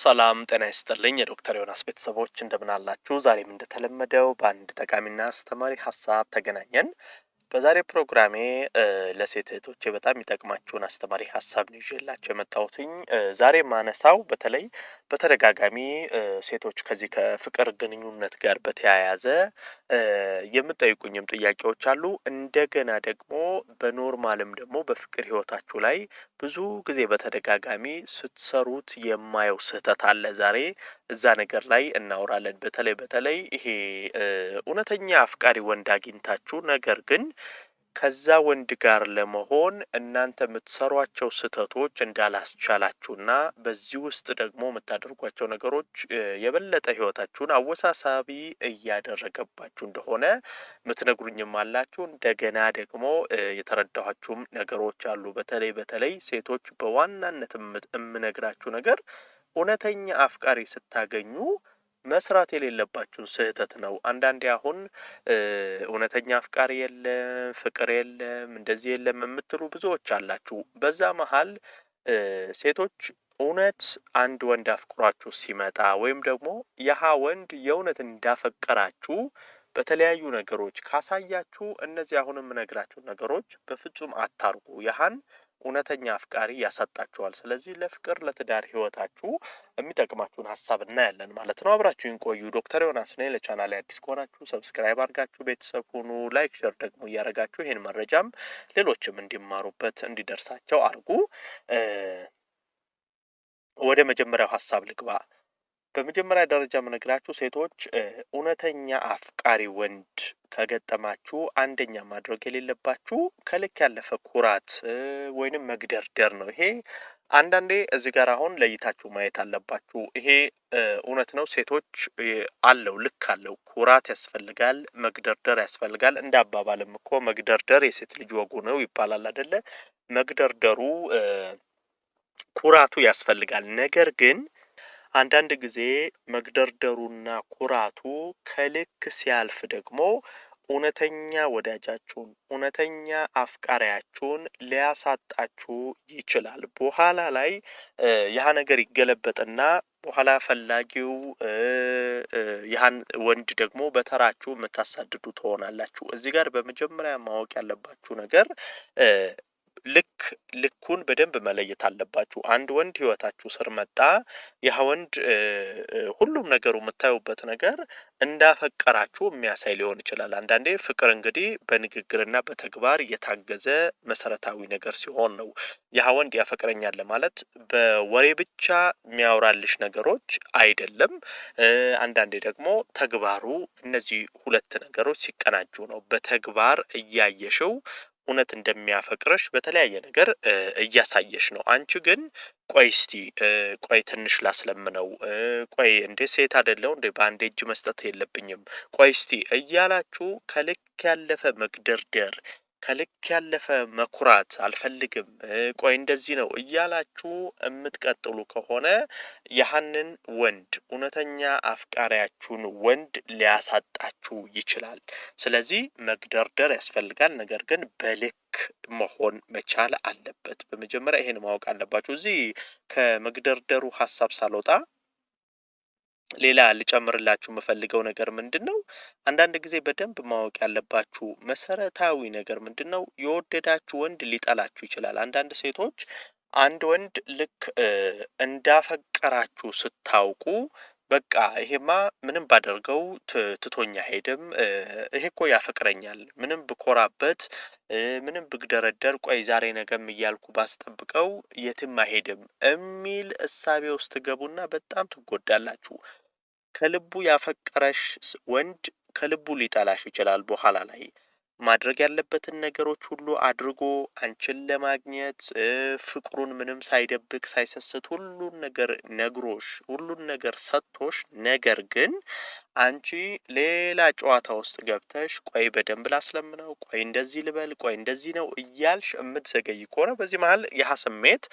ሰላም ጤና ይስጥልኝ። የዶክተር ዮናስ ቤተሰቦች እንደምን አላችሁ? ዛሬም እንደተለመደው በአንድ ጠቃሚና አስተማሪ ሀሳብ ተገናኘን። በዛሬ ፕሮግራሜ ለሴት እህቶቼ በጣም የሚጠቅማችሁን አስተማሪ ሀሳብ ነው ይዤላቸው የመጣሁትኝ። ዛሬ ማነሳው በተለይ በተደጋጋሚ ሴቶች ከዚህ ከፍቅር ግንኙነት ጋር በተያያዘ የምጠይቁኝም ጥያቄዎች አሉ። እንደገና ደግሞ በኖርማልም ደግሞ በፍቅር ህይወታችሁ ላይ ብዙ ጊዜ በተደጋጋሚ ስትሰሩት የማየው ስህተት አለ። ዛሬ እዛ ነገር ላይ እናወራለን። በተለይ በተለይ ይሄ እውነተኛ አፍቃሪ ወንድ አግኝታችሁ ነገር ግን ከዛ ወንድ ጋር ለመሆን እናንተ የምትሰሯቸው ስህተቶች እንዳላስቻላችሁና በዚህ ውስጥ ደግሞ የምታደርጓቸው ነገሮች የበለጠ ህይወታችሁን አወሳሳቢ እያደረገባችሁ እንደሆነ የምትነግሩኝም አላችሁ። እንደገና ደግሞ የተረዳኋችሁም ነገሮች አሉ። በተለይ በተለይ ሴቶች በዋናነት የምነግራችሁ ነገር እውነተኛ አፍቃሪ ስታገኙ መስራት የሌለባችሁ ስህተት ነው። አንዳንዴ አሁን እውነተኛ አፍቃሪ የለም፣ ፍቅር የለም፣ እንደዚህ የለም የምትሉ ብዙዎች አላችሁ። በዛ መሀል ሴቶች እውነት አንድ ወንድ አፍቅሯችሁ ሲመጣ ወይም ደግሞ ያሀ ወንድ የእውነት እንዳፈቀራችሁ በተለያዩ ነገሮች ካሳያችሁ እነዚህ አሁን የምነግራችሁ ነገሮች በፍጹም አታርጉ። ያሀን እውነተኛ አፍቃሪ ያሳጣችኋል። ስለዚህ ለፍቅር ለትዳር ህይወታችሁ የሚጠቅማችሁን ሀሳብ እናያለን ማለት ነው። አብራችሁን ቆዩ። ዶክተር ዮናስ ነኝ። ለቻናል አዲስ ከሆናችሁ ሰብስክራይብ አድርጋችሁ ቤተሰብ ሁኑ። ላይክ፣ ሸር ደግሞ እያደረጋችሁ ይህን መረጃም ሌሎችም እንዲማሩበት እንዲደርሳቸው አድርጉ። ወደ መጀመሪያው ሀሳብ ልግባ። በመጀመሪያ ደረጃ የምነግራችሁ ሴቶች እውነተኛ አፍቃሪ ወንድ ከገጠማችሁ አንደኛ ማድረግ የሌለባችሁ ከልክ ያለፈ ኩራት ወይንም መግደርደር ነው። ይሄ አንዳንዴ እዚህ ጋር አሁን ለይታችሁ ማየት አለባችሁ። ይሄ እውነት ነው። ሴቶች አለው ልክ አለው። ኩራት ያስፈልጋል፣ መግደርደር ያስፈልጋል። እንደ አባባልም እኮ መግደርደር የሴት ልጅ ወጉ ነው ይባላል አይደለ? መግደርደሩ ኩራቱ ያስፈልጋል። ነገር ግን አንዳንድ ጊዜ መግደርደሩና ኩራቱ ከልክ ሲያልፍ ደግሞ እውነተኛ ወዳጃችሁን እውነተኛ አፍቃሪያችሁን ሊያሳጣችሁ ይችላል። በኋላ ላይ ያህ ነገር ይገለበጥና በኋላ ፈላጊው ያህን ወንድ ደግሞ በተራችሁ የምታሳድዱ ትሆናላችሁ። እዚህ ጋር በመጀመሪያ ማወቅ ያለባችሁ ነገር ልክ ልኩን በደንብ መለየት አለባችሁ። አንድ ወንድ ህይወታችሁ ስር መጣ፣ ያ ወንድ ሁሉም ነገሩ የምታዩበት ነገር እንዳፈቀራችሁ የሚያሳይ ሊሆን ይችላል። አንዳንዴ ፍቅር እንግዲህ በንግግርና በተግባር የታገዘ መሰረታዊ ነገር ሲሆን ነው። ያ ወንድ ያፈቅረኛል ለማለት በወሬ ብቻ የሚያወራልሽ ነገሮች አይደለም። አንዳንዴ ደግሞ ተግባሩ፣ እነዚህ ሁለት ነገሮች ሲቀናጁ ነው በተግባር እያየሽው እውነት እንደሚያፈቅርሽ በተለያየ ነገር እያሳየሽ ነው። አንቺ ግን ቆይ እስቲ ቆይ ትንሽ ላስለምነው፣ ቆይ እንዴ ሴት አይደለው እንዴ በአንድ እጅ መስጠት የለብኝም፣ ቆይ እስቲ እያላችሁ ከልክ ያለፈ መግደርደር ከልክ ያለፈ መኩራት አልፈልግም፣ ቆይ እንደዚህ ነው እያላችሁ የምትቀጥሉ ከሆነ ያህንን ወንድ እውነተኛ አፍቃሪያችሁን ወንድ ሊያሳጣችሁ ይችላል። ስለዚህ መግደርደር ያስፈልጋል። ነገር ግን በልክ መሆን መቻል አለበት። በመጀመሪያ ይሄን ማወቅ አለባችሁ። እዚህ ከመግደርደሩ ሀሳብ ሳልወጣ ሌላ ልጨምርላችሁ የምፈልገው ነገር ምንድን ነው፣ አንዳንድ ጊዜ በደንብ ማወቅ ያለባችሁ መሰረታዊ ነገር ምንድን ነው፣ የወደዳችሁ ወንድ ሊጠላችሁ ይችላል። አንዳንድ ሴቶች አንድ ወንድ ልክ እንዳፈቀራችሁ ስታውቁ በቃ ይሄማ ምንም ባደርገው ትቶኛ ሄድም፣ ይሄ እኮ ያፈቅረኛል፣ ምንም ብኮራበት፣ ምንም ብግደረደር፣ ቆይ ዛሬ ነገም እያልኩ ባስጠብቀው የትም አይሄድም የሚል እሳቤ ውስጥ ገቡና በጣም ትጎዳላችሁ። ከልቡ ያፈቀረሽ ወንድ ከልቡ ሊጠላሽ ይችላል። በኋላ ላይ ማድረግ ያለበትን ነገሮች ሁሉ አድርጎ አንቺን ለማግኘት ፍቅሩን ምንም ሳይደብቅ ሳይሰስት ሁሉን ነገር ነግሮሽ ሁሉን ነገር ሰጥቶሽ፣ ነገር ግን አንቺ ሌላ ጨዋታ ውስጥ ገብተሽ ቆይ በደንብ ላስለምነው፣ ቆይ እንደዚህ ልበል፣ ቆይ እንደዚህ ነው እያልሽ የምትዘገይ ከሆነ በዚህ መሀል ያህ ስሜት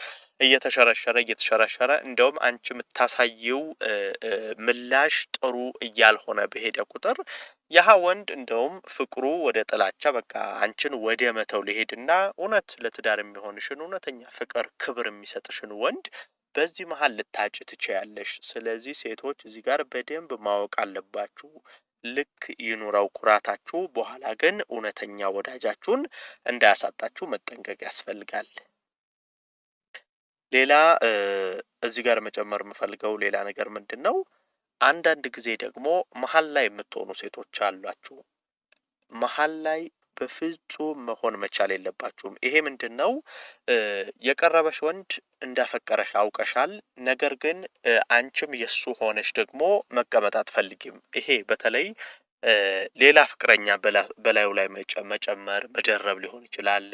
እየተሸረሸረ እየተሸረሸረ እንደውም አንቺ የምታሳየው ምላሽ ጥሩ እያልሆነ በሄደ ቁጥር ያህ ወንድ እንደውም ፍቅሩ ወደ ጥላቻ በቃ አንቺን ወደ መተው ሊሄድና እውነት ለትዳር የሚሆንሽን እውነተኛ ፍቅር ክብር የሚሰጥሽን ወንድ በዚህ መሀል ልታጭ ትችያለሽ። ስለዚህ ሴቶች እዚህ ጋር በደንብ ማወቅ አለባችሁ። ልክ ይኑረው ኩራታችሁ፣ በኋላ ግን እውነተኛ ወዳጃችሁን እንዳያሳጣችሁ መጠንቀቅ ያስፈልጋል። ሌላ እዚህ ጋር መጨመር የምፈልገው ሌላ ነገር ምንድን ነው፣ አንዳንድ ጊዜ ደግሞ መሀል ላይ የምትሆኑ ሴቶች አሏችሁ። መሀል ላይ በፍጹም መሆን መቻል የለባችሁም። ይሄ ምንድን ነው? የቀረበሽ ወንድ እንዳፈቀረሽ አውቀሻል። ነገር ግን አንቺም የእሱ ሆነሽ ደግሞ መቀመጥ አትፈልጊም። ይሄ በተለይ ሌላ ፍቅረኛ በላዩ ላይ መጨመር መደረብ ሊሆን ይችላል።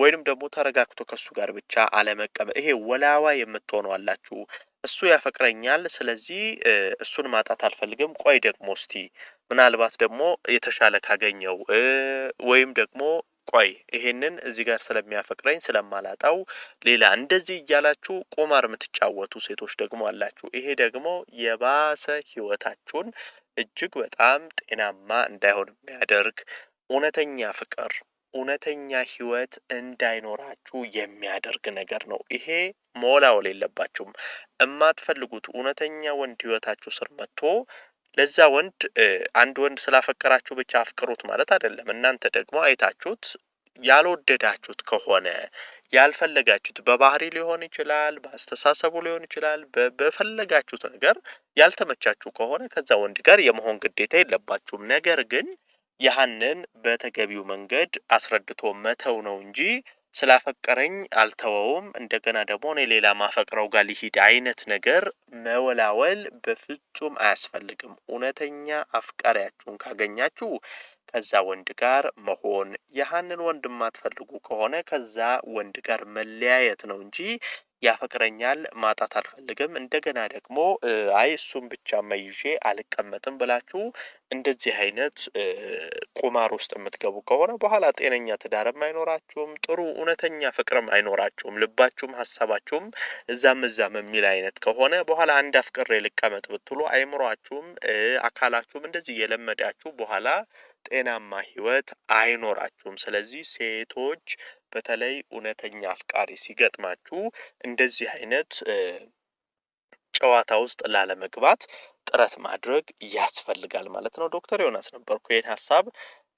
ወይንም ደግሞ ተረጋግቶ ከሱ ጋር ብቻ አለመቀመጥ። ይሄ ወላዋ የምትሆነው አላችሁ። እሱ ያፈቅረኛል፣ ስለዚህ እሱን ማጣት አልፈልግም። ቆይ ደግሞ እስቲ ምናልባት ደግሞ የተሻለ ካገኘው ወይም ደግሞ ቆይ ይሄንን እዚህ ጋር ስለሚያፈቅረኝ ስለማላጣው ሌላ እንደዚህ እያላችሁ ቁማር የምትጫወቱ ሴቶች ደግሞ አላችሁ። ይሄ ደግሞ የባሰ ህይወታችሁን እጅግ በጣም ጤናማ እንዳይሆን የሚያደርግ እውነተኛ ፍቅር እውነተኛ ህይወት እንዳይኖራችሁ የሚያደርግ ነገር ነው። ይሄ ሞላው የለባችሁም። እማትፈልጉት እውነተኛ ወንድ ህይወታችሁ ስር መጥቶ ለዛ ወንድ አንድ ወንድ ስላፈቀራችሁ ብቻ አፍቅሩት ማለት አይደለም። እናንተ ደግሞ አይታችሁት ያልወደዳችሁት ከሆነ ያልፈለጋችሁት በባህሪ ሊሆን ይችላል፣ በአስተሳሰቡ ሊሆን ይችላል፣ በፈለጋችሁት ነገር ያልተመቻችሁ ከሆነ ከዛ ወንድ ጋር የመሆን ግዴታ የለባችሁም። ነገር ግን ያህንን በተገቢው መንገድ አስረድቶ መተው ነው እንጂ ስላፈቀረኝ አልተወውም፣ እንደገና ደግሞ እኔ ሌላ ማፈቅረው ጋር ሊሂድ አይነት ነገር መወላወል በፍጹም አያስፈልግም። እውነተኛ አፍቃሪያችሁን ካገኛችሁ ከዛ ወንድ ጋር መሆን፣ ያህንን ወንድ የማትፈልጉ ከሆነ ከዛ ወንድ ጋር መለያየት ነው እንጂ ያፈቅረኛል ማጣት አልፈልግም፣ እንደገና ደግሞ አይ እሱም ብቻ መይዤ አልቀመጥም ብላችሁ እንደዚህ አይነት ቁማር ውስጥ የምትገቡ ከሆነ በኋላ ጤነኛ ትዳርም አይኖራችሁም፣ ጥሩ እውነተኛ ፍቅርም አይኖራችሁም። ልባችሁም ሀሳባችሁም እዛም እዛም የሚል አይነት ከሆነ በኋላ አንድ አፍቅሬ ልቀመጥ ብትሉ አይምሯችሁም፣ አካላችሁም እንደዚህ የለመዳችሁ በኋላ ጤናማ ህይወት አይኖራችሁም። ስለዚህ ሴቶች በተለይ እውነተኛ አፍቃሪ ሲገጥማችሁ እንደዚህ አይነት ጨዋታ ውስጥ ላለመግባት ጥረት ማድረግ ያስፈልጋል ማለት ነው። ዶክተር ዮናስ ነበርኩ። ይህን ሀሳብ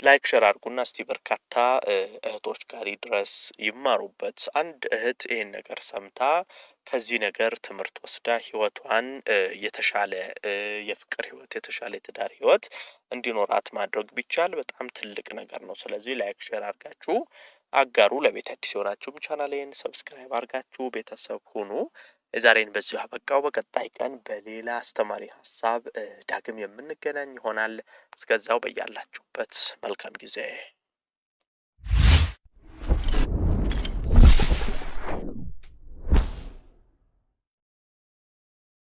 ላይክ ሸር አድርጉና እስቲ በርካታ እህቶች ጋር ድረስ ይማሩበት። አንድ እህት ይህን ነገር ሰምታ ከዚህ ነገር ትምህርት ወስዳ ህይወቷን የተሻለ የፍቅር ህይወት፣ የተሻለ የትዳር ህይወት እንዲኖራት ማድረግ ቢቻል በጣም ትልቅ ነገር ነው። ስለዚህ ላይክ ሸር አድርጋችሁ አጋሩ። ለቤት አዲስ የሆናችሁም ቻናሌን ሰብስክራይብ አድርጋችሁ ቤተሰብ ሁኑ። የዛሬን በዚሁ አበቃው። በቀጣይ ቀን በሌላ አስተማሪ ሀሳብ ዳግም የምንገናኝ ይሆናል። እስከዛው በያላችሁበት መልካም ጊዜ